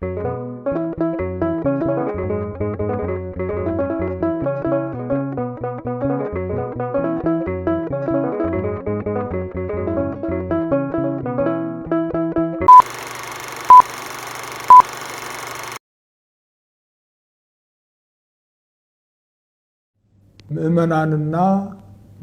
ምእመናንና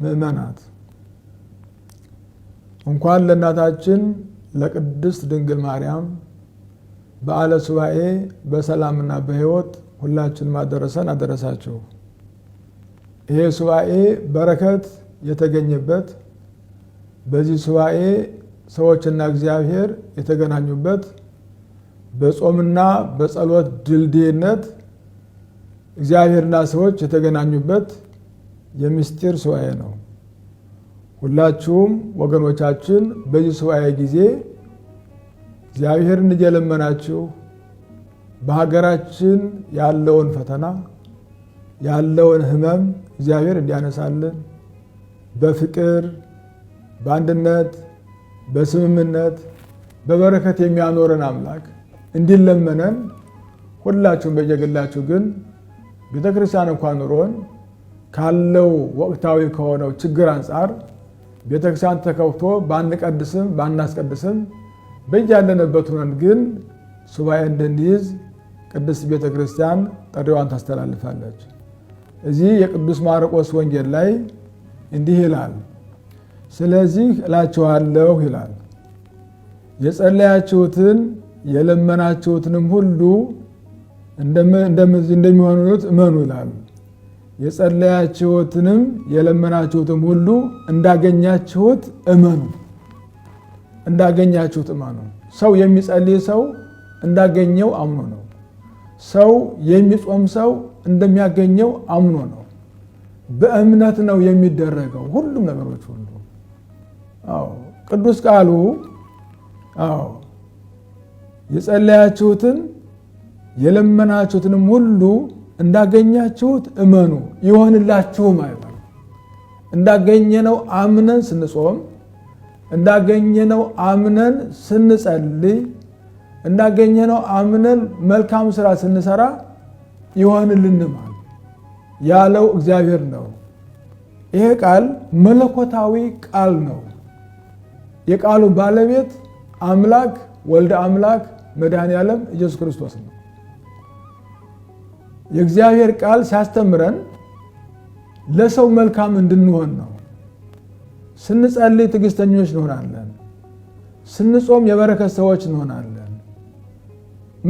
ምእመናት እንኳን ለእናታችን ለቅድስት ድንግል ማርያም በዓለ ሱባኤ በሰላምና በሕይወት ሁላችን ማደረሰን አደረሳችሁ። ይሄ ሱባኤ በረከት የተገኘበት በዚህ ሱባኤ ሰዎችና እግዚአብሔር የተገናኙበት በጾምና በጸሎት ድልድይነት እግዚአብሔርና ሰዎች የተገናኙበት የምስጢር ሱባኤ ነው። ሁላችሁም ወገኖቻችን በዚህ ሱባኤ ጊዜ እግዚአብሔርን እየለመናችሁ በሀገራችን ያለውን ፈተና ያለውን ህመም እግዚአብሔር እንዲያነሳልን በፍቅር በአንድነት በስምምነት በበረከት የሚያኖረን አምላክ እንዲለመነን ሁላችሁም በየግላችሁ ግን ቤተ ክርስቲያን እንኳን ኑሮን ካለው ወቅታዊ ከሆነው ችግር አንጻር ቤተ ክርስቲያን ተከፍቶ ባንቀድስም ባናስቀድስም በያለንበት ሆነን ግን ሱባኤ እንድንይዝ ቅድስት ቤተ ክርስቲያን ጥሪዋን ታስተላልፋለች። እዚህ የቅዱስ ማርቆስ ወንጌል ላይ እንዲህ ይላል፣ ስለዚህ እላችኋለሁ ይላል የጸለያችሁትን የለመናችሁትንም ሁሉ እንደሚሆኑት እመኑ ይላል። የጸለያችሁትንም የለመናችሁትም ሁሉ እንዳገኛችሁት እመኑ። እንዳገኛችሁት እመኑ ነው። ሰው የሚጸልይ ሰው እንዳገኘው አምኖ ነው። ሰው የሚጾም ሰው እንደሚያገኘው አምኖ ነው። በእምነት ነው የሚደረገው ሁሉም ነገሮች ሁሉ። አዎ ቅዱስ ቃሉ አዎ የጸለያችሁትን የለመናችሁትንም ሁሉ እንዳገኛችሁት እመኑ ይሆንላችሁም አይባል። እንዳገኘነው አምነን ስንጾም እንዳገኘነው አምነን ስንጸልይ፣ እንዳገኘነው አምነን መልካም ስራ ስንሰራ ይሆንልንማል ያለው እግዚአብሔር ነው። ይሄ ቃል መለኮታዊ ቃል ነው። የቃሉ ባለቤት አምላክ ወልደ አምላክ መድኃኔ ዓለም ኢየሱስ ክርስቶስ ነው። የእግዚአብሔር ቃል ሲያስተምረን ለሰው መልካም እንድንሆን ነው። ስንጸልይ ትዕግስተኞች እንሆናለን። ስንጾም የበረከት ሰዎች እንሆናለን።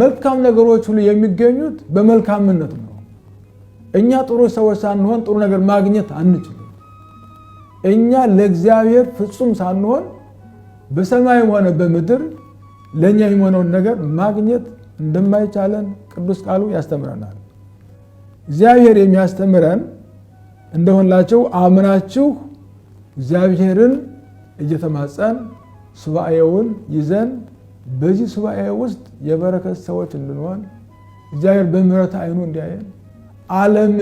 መልካም ነገሮች ሁሉ የሚገኙት በመልካምነት ነው። እኛ ጥሩ ሰዎች ሳንሆን ጥሩ ነገር ማግኘት አንችልም። እኛ ለእግዚአብሔር ፍጹም ሳንሆን በሰማይም ሆነ በምድር ለእኛ የሚሆነውን ነገር ማግኘት እንደማይቻለን ቅዱስ ቃሉ ያስተምረናል። እግዚአብሔር የሚያስተምረን እንደሆንላቸው አምናችሁ እግዚአብሔርን እየተማጸን ሱባኤውን ይዘን በዚህ ሱባኤ ውስጥ የበረከት ሰዎች እንድንሆን እግዚአብሔር በምሕረት አይኑ እንዲያየን ዓለም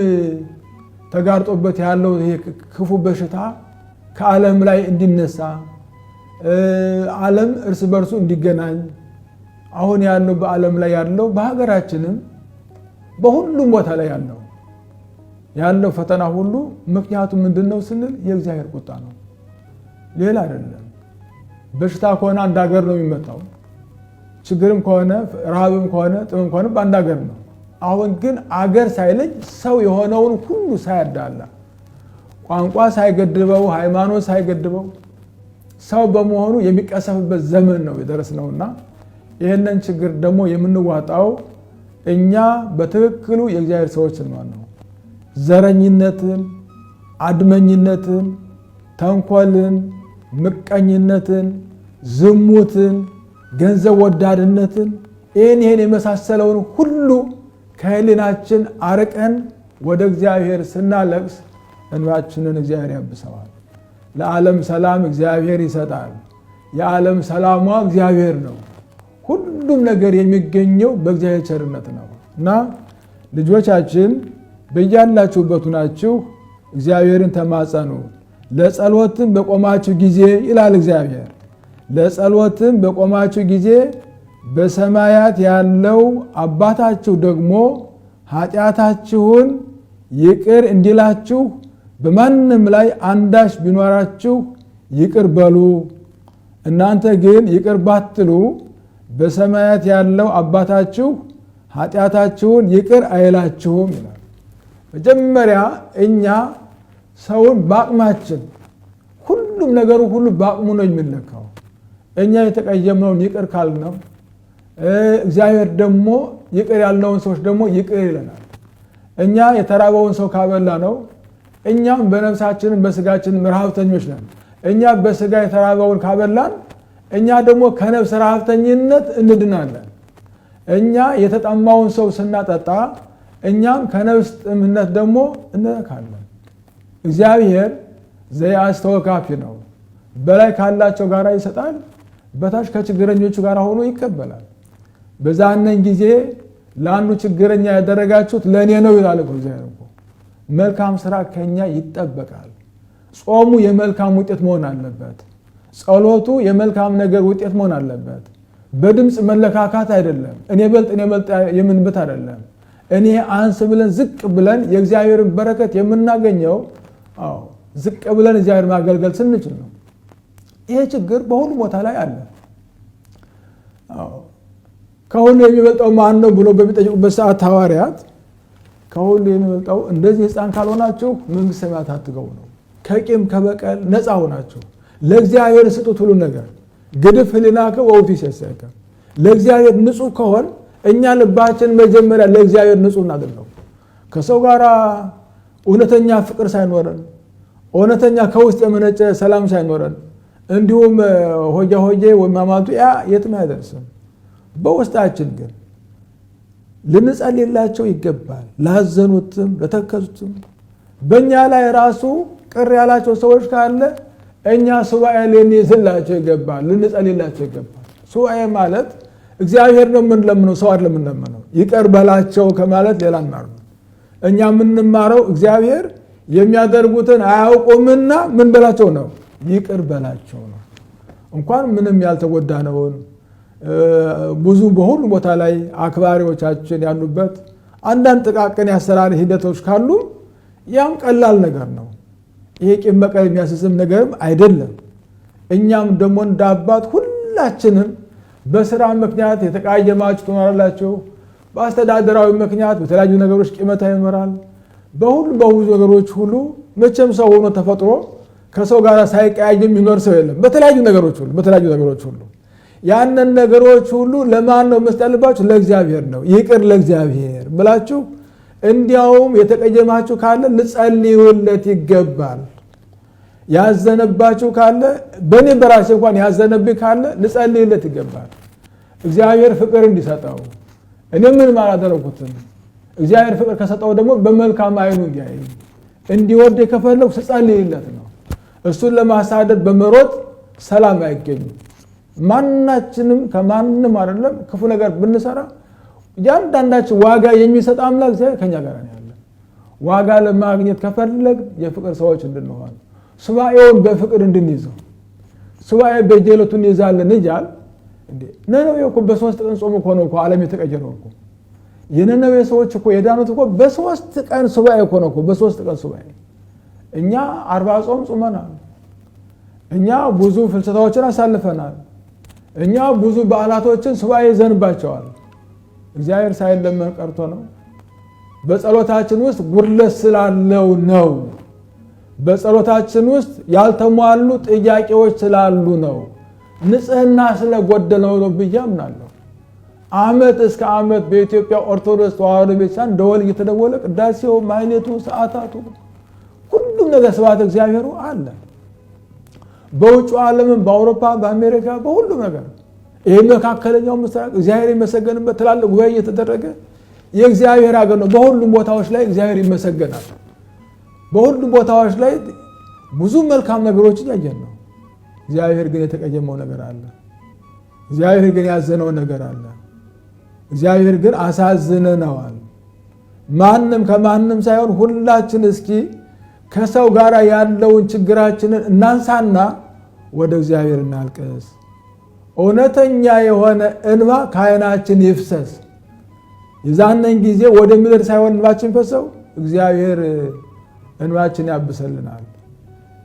ተጋርጦበት ያለው ይሄ ክፉ በሽታ ከዓለም ላይ እንዲነሳ ዓለም እርስ በርሱ እንዲገናኝ አሁን ያለው በዓለም ላይ ያለው በሀገራችንም በሁሉም ቦታ ላይ ያለው ያለው ፈተና ሁሉ ምክንያቱ ምንድን ነው ስንል የእግዚአብሔር ቁጣ ነው፣ ሌላ አይደለም። በሽታ ከሆነ አንድ ሀገር ነው የሚመጣው። ችግርም ከሆነ ረሃብም ከሆነ ጥምም ከሆነ በአንድ ሀገር ነው። አሁን ግን አገር ሳይለይ ሰው የሆነውን ሁሉ ሳያዳላ፣ ቋንቋ ሳይገድበው፣ ሃይማኖት ሳይገድበው ሰው በመሆኑ የሚቀሰፍበት ዘመን ነው የደረስነውና ይህንን ችግር ደግሞ የምንዋጣው እኛ በትክክሉ የእግዚአብሔር ሰዎች ነው። ዘረኝነትን፣ አድመኝነትን፣ ተንኮልን፣ ምቀኝነትን፣ ዝሙትን፣ ገንዘብ ወዳድነትን ይህን ይህን የመሳሰለውን ሁሉ ከህሊናችን አርቀን ወደ እግዚአብሔር ስናለቅስ እንባችንን እግዚአብሔር ያብሰዋል። ለዓለም ሰላም እግዚአብሔር ይሰጣል። የዓለም ሰላሟ እግዚአብሔር ነው። ሁሉም ነገር የሚገኘው በእግዚአብሔር ቸርነት ነው እና ልጆቻችን በያላችሁበት ሁናችሁ እግዚአብሔርን ተማጸኑ፣ ለጸሎትም በቆማችሁ ጊዜ ይላል እግዚአብሔር። ለጸሎትም በቆማችሁ ጊዜ በሰማያት ያለው አባታችሁ ደግሞ ኃጢአታችሁን ይቅር እንዲላችሁ በማንም ላይ አንዳች ቢኖራችሁ ይቅር በሉ። እናንተ ግን ይቅር ባትሉ በሰማያት ያለው አባታችሁ ኃጢአታችሁን ይቅር አይላችሁም ይላል። መጀመሪያ እኛ ሰውን በአቅማችን ሁሉም ነገሩ ሁሉ በአቅሙ ነው የሚለካው። እኛ የተቀየምነውን ይቅር ካልነው እግዚአብሔር ደግሞ ይቅር ያልነውን ሰዎች ደግሞ ይቅር ይለናል። እኛ የተራበውን ሰው ካበላ ነው እኛም በነፍሳችንም በስጋችን ረሃብተኞች ነን። እኛ በስጋ የተራበውን ካበላን እኛ ደግሞ ከነፍስ ረሃብተኝነት እንድናለን። እኛ የተጠማውን ሰው ስናጠጣ እኛም ከነፍስ ጥምነት ደግሞ እንነካለን። እግዚአብሔር ዘየአስተወካፊ ነው። በላይ ካላቸው ጋር ይሰጣል፣ በታች ከችግረኞቹ ጋር ሆኖ ይቀበላል። በዛነን ጊዜ ለአንዱ ችግረኛ ያደረጋችሁት ለእኔ ነው ይላል እግዚአብሔር እኮ። መልካም ስራ ከኛ ይጠበቃል። ጾሙ የመልካም ውጤት መሆን አለበት። ጸሎቱ የመልካም ነገር ውጤት መሆን አለበት። በድምፅ መለካካት አይደለም። እኔ በልጥ እኔ በልጥ የምንበት አይደለም። እኔ አንስ ብለን ዝቅ ብለን የእግዚአብሔርን በረከት የምናገኘው ዝቅ ብለን እግዚአብሔር ማገልገል ስንችል ነው። ይሄ ችግር በሁሉ ቦታ ላይ አለ። ከሁሉ የሚበልጠው ማን ነው ብሎ በሚጠይቁበት ሰዓት ሐዋርያት ከሁሉ የሚበልጠው እንደዚህ ሕፃን ካልሆናችሁ መንግሥተ ሰማያት አትገቡ ነው። ከቂም ከበቀል ነፃ ሆናችሁ ለእግዚአብሔር ስጡት ሁሉ ነገር ግድፍ ህሊናከ ወውቱ ይሴሰከ ለእግዚአብሔር ንጹህ ከሆን እኛ ልባችን መጀመሪያ ለእግዚአብሔር ንጹህ እናድርገው። ከሰው ጋር እውነተኛ ፍቅር ሳይኖረን እውነተኛ ከውስጥ የመነጨ ሰላም ሳይኖረን እንዲሁም ሆጃ ሆጄ ወይም አማቱ ያ የትም አይደርስም። በውስጣችን ግን ልንጸልላቸው ይገባል። ላዘኑትም ለተከዙትም በእኛ ላይ ራሱ ቅር ያላቸው ሰዎች ካለ እኛ ሱባኤ ልንይዝላቸው ይገባል፣ ልንጸልላቸው ይገባል። ሱባኤ ማለት እግዚአብሔር ነው የምንለምነው፣ ሰው አይደለም የምንለምነው። ይቀር በላቸው ከማለት ሌላ ማር እኛ የምንማረው እግዚአብሔር የሚያደርጉትን አያውቁምና ምን በላቸው ነው፣ ይቅር በላቸው ነው። እንኳን ምንም ያልተጎዳነውን ብዙ በሁሉ ቦታ ላይ አክባሪዎቻችን ያሉበት አንዳንድ ጥቃቅን የአሰራር ሂደቶች ካሉ ያም ቀላል ነገር ነው። ይሄ ቂም በቀል የሚያስስም ነገርም አይደለም። እኛም ደግሞ እንዳባት ሁላችንም በስራ ምክንያት የተቃየማችሁ ትኖራላችሁ። በአስተዳደራዊ ምክንያት በተለያዩ ነገሮች ቂመታ ይኖራል። በሁሉ በብዙ ነገሮች ሁሉ መቼም ሰው ሆኖ ተፈጥሮ ከሰው ጋር ሳይቀያየም የሚኖር ሰው የለም። በተለያዩ ነገሮች ሁሉ በተለያዩ ነገሮች ሁሉ ያንን ነገሮች ሁሉ ለማን ነው መስጠት ያለባችሁ? ለእግዚአብሔር ነው። ይቅር ለእግዚአብሔር ብላችሁ እንዲያውም የተቀየማችሁ ካለ ልጸልዩለት ይገባል። ያዘነባችሁ ካለ በእኔ በራሴ እንኳን ያዘነብ ካለ ልጸልይለት ይገባል። እግዚአብሔር ፍቅር እንዲሰጠው እኔ ምንም አላደረኩትም። እግዚአብሔር ፍቅር ከሰጠው ደግሞ በመልካም አይኑ እያይ እንዲወድ የከፈለው ስጸልይለት ነው። እሱን ለማሳደድ በመሮጥ ሰላም አይገኝም። ማናችንም ከማንም አይደለም ክፉ ነገር ብንሰራ እያንዳንዳችን ዋጋ የሚሰጥ አምላክ እግዚአብሔር ከኛ ጋር ያለ ዋጋ ለማግኘት ከፈለግ የፍቅር ሰዎች እንድንሆን ሱባኤውን በፍቅር እንድንይዘው ሱባኤ በጀለቱ እንይዛለን እያል ነነዌ እኮ በሶስት ቀን ጾም እኮ ነው እኮ ዓለም የተቀየረው እኮ የነነዌ ሰዎች እኮ የዳኑት እኮ በሶስት ቀን ሱባኤ እኮ ነው እኮ በሶስት ቀን ሱባኤ እኛ አርባ ጾም ጾመናል። እኛ ብዙ ፍልሰታዎችን አሳልፈናል። እኛ ብዙ በዓላቶችን ሱባኤ ይዘንባቸዋል። እግዚአብሔር ሳይለመን ቀርቶ ነው። በጸሎታችን ውስጥ ጉድለት ስላለው ነው። በጸሎታችን ውስጥ ያልተሟሉ ጥያቄዎች ስላሉ ነው፣ ንጽህና ስለጎደለው ነው ብዬ አምናለሁ። አመት እስከ አመት በኢትዮጵያ ኦርቶዶክስ ተዋህዶ ቤተሳን ደወል እየተደወለ ቅዳሴው፣ ማይኔቱ፣ ሰዓታቱ፣ ሁሉም ነገር ስብሐተ እግዚአብሔሩ አለ። በውጭ ዓለምም በአውሮፓ፣ በአሜሪካ፣ በሁሉም ነገር ይህ መካከለኛው ምስራቅ እግዚአብሔር ይመሰገንበት ትላልቅ ጉባኤ እየተደረገ የእግዚአብሔር ሀገር ነው። በሁሉም ቦታዎች ላይ እግዚአብሔር ይመሰገናል። በሁሉ ቦታዎች ላይ ብዙ መልካም ነገሮችን ያየን ነው። እግዚአብሔር ግን የተቀየመው ነገር አለ። እግዚአብሔር ግን ያዘነው ነገር አለ። እግዚአብሔር ግን አሳዝነነዋል። ማንም ከማንም ሳይሆን ሁላችን እስኪ ከሰው ጋር ያለውን ችግራችንን እናንሳና ወደ እግዚአብሔር እናልቅስ። እውነተኛ የሆነ እንባ ከዓይናችን ይፍሰስ። የዛነን ጊዜ ወደ ሳይሆን እንባችን ፈሰው እግዚአብሔር እንባችን ያብሰልናል።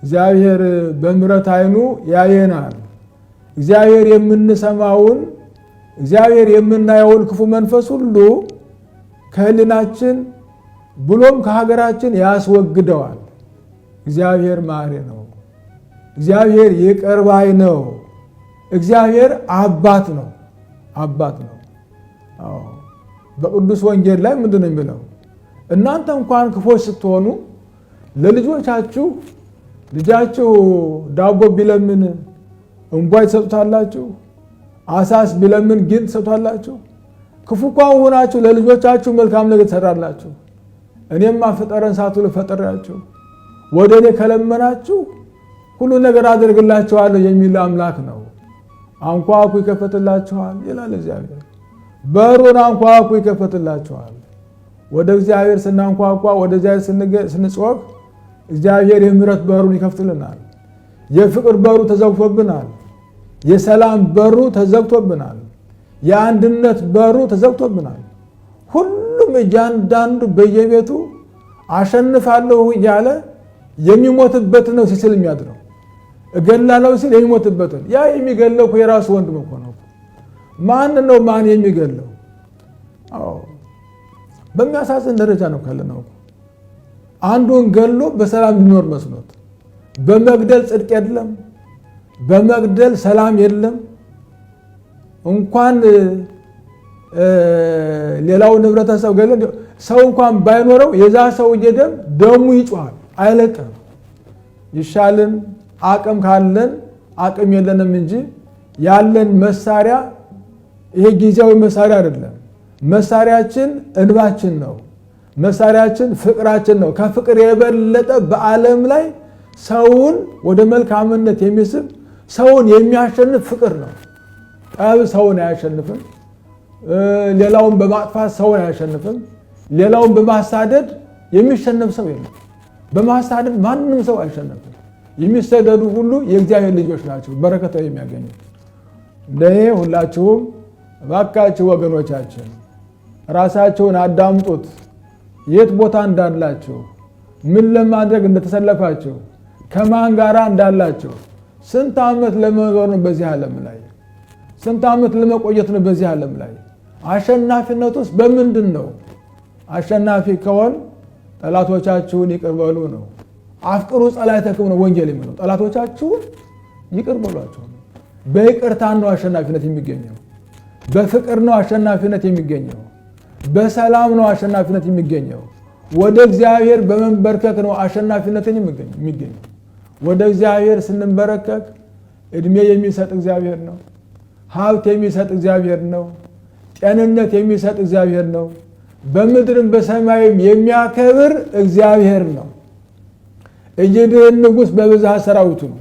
እግዚአብሔር በምሕረት ዓይኑ ያየናል። እግዚአብሔር የምንሰማውን እግዚአብሔር የምናየውን ክፉ መንፈስ ሁሉ ከህልናችን ብሎም ከሀገራችን ያስወግደዋል። እግዚአብሔር ማሪ ነው። እግዚአብሔር ይቅር ባይ ነው። እግዚአብሔር አባት ነው። አባት ነው። በቅዱስ ወንጌል ላይ ምንድን ነው የሚለው? እናንተ እንኳን ክፎች ስትሆኑ ለልጆቻችሁ ልጃችሁ ዳቦ ቢለምን እንቧይ ትሰጡታላችሁ? አሳስ ቢለምን ጊንጥ ትሰጡታላችሁ? ክፉ እንኳን ሆናችሁ ለልጆቻችሁ መልካም ነገር ትሰራላችሁ። እኔማ ፍጠረን ሳትሉ ፈጠራችሁ፣ ወደ እኔ ከለመናችሁ ሁሉ ነገር አደርግላችኋለሁ የሚል አምላክ ነው። አንኳኩ ይከፈትላችኋል ይላል እግዚአብሔር። በሩን አንኳኩ ይከፈትላችኋል። ወደ እግዚአብሔር ስናንኳኳ፣ ወደ እግዚአብሔር ስንጮህ እግዚአብሔር የምህረት በሩን ይከፍትልናል። የፍቅር በሩ ተዘግቶብናል። የሰላም በሩ ተዘግቶብናል። የአንድነት በሩ ተዘግቶብናል። ሁሉም እያንዳንዱ በየቤቱ አሸንፋለሁ እያለ የሚሞትበት ነው ሲስል የሚያድረው እገላለሁ ሲል የሚሞትበትን ያ የሚገለው እኮ የራሱ ወንድም እኮ ነው። ማን ነው ማን የሚገለው? በሚያሳዝን ደረጃ ነው ካለ አንዱን ገሎ በሰላም ቢኖር መስሎት በመግደል ጽድቅ የለም፣ በመግደል ሰላም የለም። እንኳን ሌላውን ህብረተሰብ ገለ ሰው እንኳን ባይኖረው የዛ ሰው እየደም ደሙ ይጮሃል፣ አይለቅም። ይሻልን አቅም ካለን አቅም የለንም እንጂ ያለን መሳሪያ ይሄ ጊዜያዊ መሳሪያ አይደለም። መሳሪያችን እንባችን ነው። መሳሪያችን ፍቅራችን ነው። ከፍቅር የበለጠ በዓለም ላይ ሰውን ወደ መልካምነት የሚስብ ሰውን የሚያሸንፍ ፍቅር ነው። ጠብ ሰውን አያሸንፍም። ሌላውን በማጥፋት ሰውን አያሸንፍም። ሌላውን በማሳደድ የሚሸነፍ ሰው የለም። በማሳደድ ማንም ሰው አይሸነፍም። የሚሰደዱ ሁሉ የእግዚአብሔር ልጆች ናቸው፣ በረከታው የሚያገኙት። እንደኔ ሁላችሁም እባካችሁ ወገኖቻችን ራሳቸውን አዳምጡት። የት ቦታ እንዳላቸው፣ ምን ለማድረግ እንደተሰለፋቸው፣ ከማን ጋር እንዳላቸው፣ ስንት ዓመት ለመኖር ነው በዚህ ዓለም ላይ ስንት ዓመት ለመቆየት ነው በዚህ ዓለም ላይ አሸናፊነት ውስጥ በምንድን ነው? አሸናፊ ከሆን ጠላቶቻችሁን ይቅር በሉ ነው። አፍቅሩ ጸላእተክሙ ነው ወንጌል የሚለው ጠላቶቻችሁን ይቅር በሏቸው በይቅርታ ነው አሸናፊነት የሚገኘው። በፍቅር ነው አሸናፊነት የሚገኘው። በሰላም ነው አሸናፊነት የሚገኘው። ወደ እግዚአብሔር በመንበርከክ ነው አሸናፊነትን የሚገኘው። ወደ እግዚአብሔር ስንንበረከክ እድሜ የሚሰጥ እግዚአብሔር ነው። ሀብት የሚሰጥ እግዚአብሔር ነው። ጤንነት የሚሰጥ እግዚአብሔር ነው። በምድርም በሰማይም የሚያከብር እግዚአብሔር ነው። እየድህን ንጉሥ በብዛት ሰራዊቱ ነው።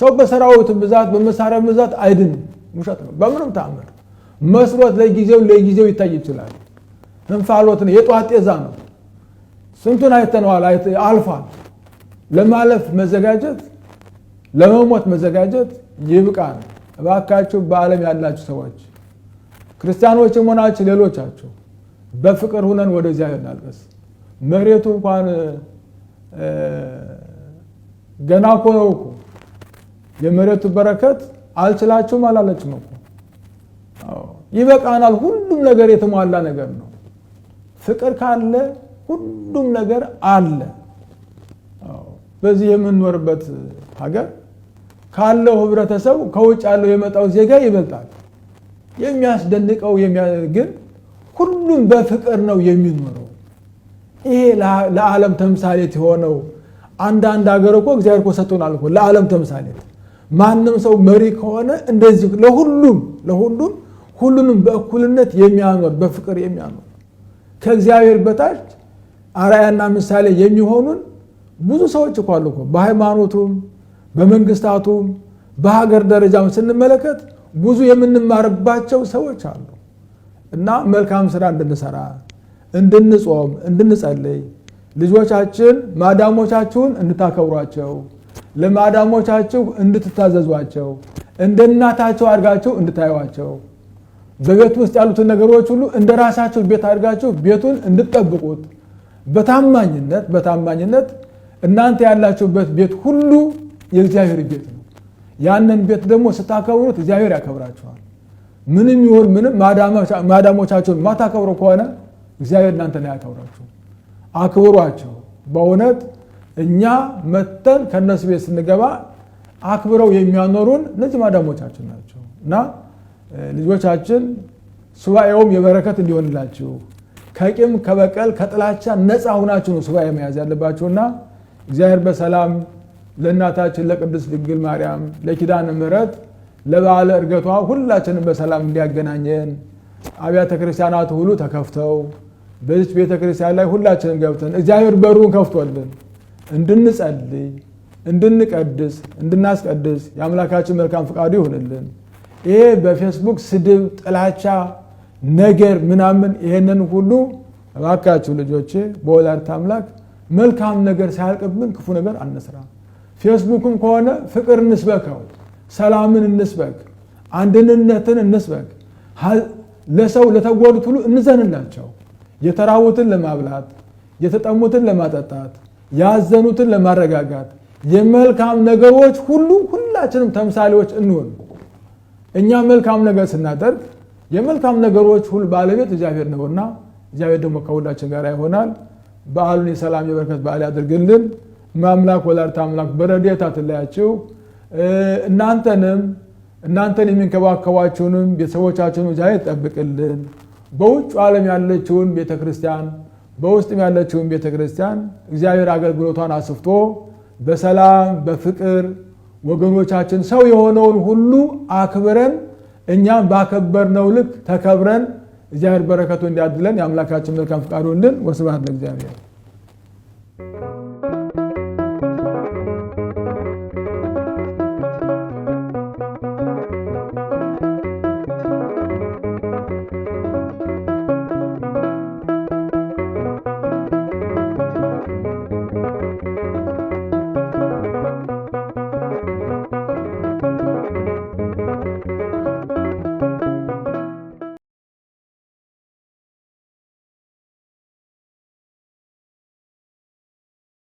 ሰው በሰራዊቱ ብዛት በመሳሪያ ብዛት አይድንም። ውሸት ነው። በምንም ተአምር መስሎት ለጊዜው ለጊዜው ይታይ ይችላል። እንፋሎት ነው፣ ጤዛ ነው። ስንቱን አይተነዋል። አልፏል። ለማለፍ መዘጋጀት፣ ለመሞት መዘጋጀት ይብቃን እባካችሁ። በዓለም ያላችሁ ሰዎች ክርስቲያኖች መሆናችሁ ሌሎቻችሁ በፍቅር ሁነን ወደዚያ እናልቀስ። መሬቱ እንኳን ገና እኮ ነው እኮ የመሬቱ በረከት አልችላችሁም አላለችም እኮ። ይበቃናል። ሁሉም ነገር የተሟላ ነገር ነው። ፍቅር ካለ ሁሉም ነገር አለ። በዚህ የምንኖርበት ሀገር ካለው ህብረተሰብ ከውጭ ያለው የመጣው ዜጋ ይበልጣል። የሚያስደንቀው ግን ሁሉም በፍቅር ነው የሚኖረው። ይሄ ለዓለም ተምሳሌት የሆነው አንዳንድ ሀገር እኮ እግዚአብሔር እኮ ሰጥቶናል እኮ ለዓለም ተምሳሌት። ማንም ሰው መሪ ከሆነ እንደዚህ ለሁሉም ለሁሉም ሁሉንም በእኩልነት የሚያኖር በፍቅር የሚያኖር ከእግዚአብሔር በታች አርአያና ምሳሌ የሚሆኑን ብዙ ሰዎች እኮ አሉ። በሃይማኖቱም በመንግስታቱም በሀገር ደረጃም ስንመለከት ብዙ የምንማርባቸው ሰዎች አሉ እና መልካም ስራ እንድንሰራ፣ እንድንጾም፣ እንድንጸልይ ልጆቻችን ማዳሞቻችሁን እንድታከብሯቸው፣ ለማዳሞቻችሁ እንድትታዘዟቸው፣ እንደ እናታቸው አድርጋችሁ እንድታዩዋቸው በቤት ውስጥ ያሉትን ነገሮች ሁሉ እንደ ራሳችሁ ቤት አድርጋችሁ ቤቱን እንድጠብቁት በታማኝነት በታማኝነት እናንተ ያላችሁበት ቤት ሁሉ የእግዚአብሔር ቤት ነው። ያንን ቤት ደግሞ ስታከብሩት እግዚአብሔር ያከብራችኋል። ምንም ይሁን ምንም ማዳሞቻችሁን ማታከብሩ ከሆነ እግዚአብሔር ላይ ያከብራችሁ። አክብሯቸው። በእውነት እኛ መተን ከእነሱ ቤት ስንገባ አክብረው የሚያኖሩን እነዚህ ማዳሞቻችን ናቸው እና ልጆቻችን ሱባኤውም የበረከት እንዲሆንላችሁ ከቂም ከበቀል ከጥላቻ ነፃ ሁናችሁ ነው ሱባኤ መያዝ ያለባችሁና እግዚአብሔር በሰላም ለእናታችን ለቅድስት ድንግል ማርያም ለኪዳን ምረት ለበዓለ እርገቷ ሁላችንም በሰላም እንዲያገናኘን አብያተ ክርስቲያናት ሁሉ ተከፍተው በዚች ቤተ ክርስቲያን ላይ ሁላችንም ገብተን እግዚአብሔር በሩን ከፍቶልን እንድንጸልይ፣ እንድንቀድስ፣ እንድናስቀድስ የአምላካችን መልካም ፈቃዱ ይሆንልን። ይሄ በፌስቡክ ስድብ፣ ጥላቻ ነገር ምናምን ይሄንን ሁሉ እባካችሁ ልጆቼ በወላዲተ አምላክ መልካም ነገር ሳያልቅብን ክፉ ነገር አንስራ። ፌስቡክም ከሆነ ፍቅር እንስበከው፣ ሰላምን እንስበክ፣ አንድንነትን እንስበክ። ለሰው ለተጎዱት ሁሉ እንዘንላቸው። የተራቡትን ለማብላት፣ የተጠሙትን ለማጠጣት፣ ያዘኑትን ለማረጋጋት የመልካም ነገሮች ሁሉ ሁላችንም ተምሳሌዎች እንሆን። እኛ መልካም ነገር ስናደርግ የመልካም ነገሮች ሁሉ ባለቤት እግዚአብሔር ነውና እግዚአብሔር ደግሞ ከሁላችን ጋር ይሆናል። በዓሉን የሰላም የበረከት በዓል ያድርግልን። ማምላክ ወላዲተ አምላክ በረዴታ ትለያችሁ። እናንተንም እናንተን የሚንከባከባችሁንም ቤተሰቦቻችሁን እግዚአብሔር ይጠብቅልን። በውጭ ዓለም ያለችውን ቤተ ክርስቲያን በውስጥም ያለችውን ቤተ ክርስቲያን እግዚአብሔር አገልግሎቷን አስፍቶ በሰላም በፍቅር ወገኖቻችን ሰው የሆነውን ሁሉ አክብረን እኛም ባከበርነው ልክ ተከብረን እግዚአብሔር በረከቱ እንዲያድለን የአምላካችን መልካም ፍቃዱ እንድን ወስብሐት ለእግዚአብሔር።